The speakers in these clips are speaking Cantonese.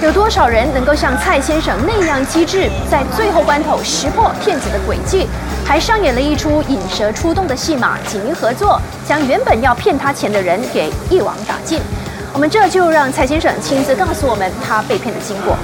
有多少人能夠像蔡先生那樣機智，在最後關頭識破騙子的詭計，還上演了一出引蛇出洞的戲碼？緊密合作，將原本要騙他錢的人給一網打盡。我們這就讓蔡先生親自告訴我們他被騙的經過。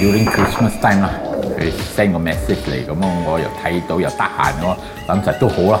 During Christmas time 啦，佢 send 個 message 嚟，咁啊，我又睇到又得閒喎，諗實都好啦。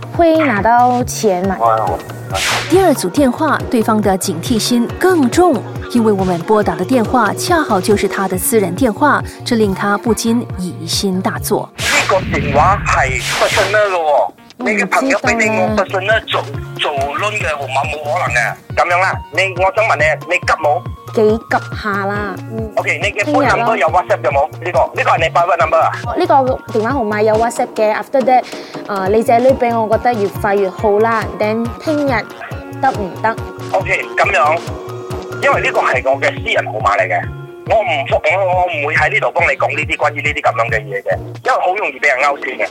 會拿到錢嗎？第二組電話，對方的警惕心更重，因為我們撥打的電話恰好就是他的私人電話，這令他不禁疑心大作。這個電話係不順呢咯，哦、你嘅朋友俾你我不順呢做做輪嘅號碼冇可能嘅，咁樣啦，你我想問你，你急冇？幾急下啦？OK，你嘅 phone number 有 WhatsApp 有冇？呢個呢個係你 private number 啊？呢、呢個呢個、個電話號碼有 WhatsApp 嘅。After that，啊，你這裏俾我覺得越快越好啦。等 h 聽日得唔得？OK，咁樣，因為呢個係我嘅私人號碼嚟嘅。我唔服，我我唔會喺呢度幫你講呢啲關於呢啲咁樣嘅嘢嘅，因為好容易俾人勾線嘅。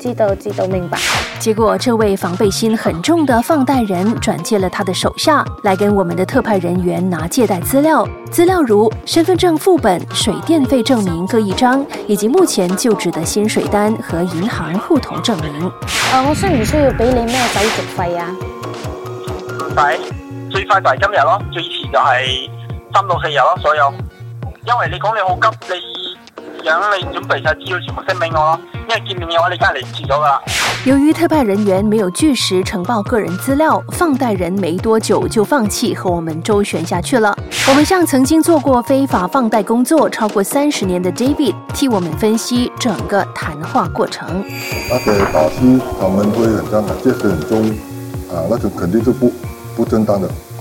知道，知道，明白。結果，這位防備心很重的放貸人轉借了他的手下來跟我們的特派人員拿借貸資料，資料如身份證副本、水電費證明各一張，以及目前就職的薪水單和銀行戶頭證明。誒、啊，我需唔需要俾你咩手續費啊？唔使，最快就係今日咯，最遲就係三到四日咯，所有。因為你講你好急，你樣你準備晒資料全部聲明我，因為見面嘅話你梗係嚟遲咗噶啦。由於特派人員沒有據實呈報個人資料，放貸人沒多久就放棄和我們周旋下去了。我們向曾經做過非法放貸工作超過三十年的 David 替我們分析整個談話過程。啊，啲老師他們會很像嘅，即係很重啊，種、那個、肯定是不不正當的。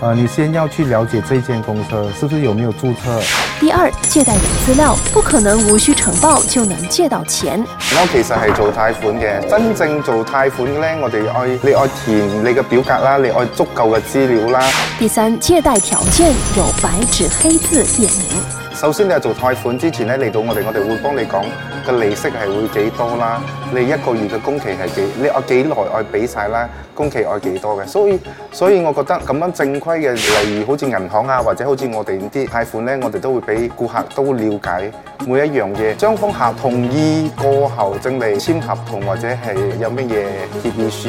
呃，你先要去了解這間公司是不是有沒有注冊。第二，借貸人資料不可能無需呈報就能借到錢。我其實是做貸款嘅，真正做貸款呢，我哋愛你愛填你嘅表格啦，你愛足夠嘅資料啦。第三，借貸條件有白紙黑字點明。首先你係做貸款之前咧嚟到我哋，我哋會幫你講個利息係會幾多啦，你一個月嘅工期係幾，你啊幾耐愛俾晒啦，工期愛幾多嘅，所以所以我覺得咁樣的正規嘅例如好似銀行啊，或者好似我哋啲貸款咧，我哋都會俾顧客都了解每一樣嘢，雙方合同意過後正嚟簽合同或者係有乜嘢協議書。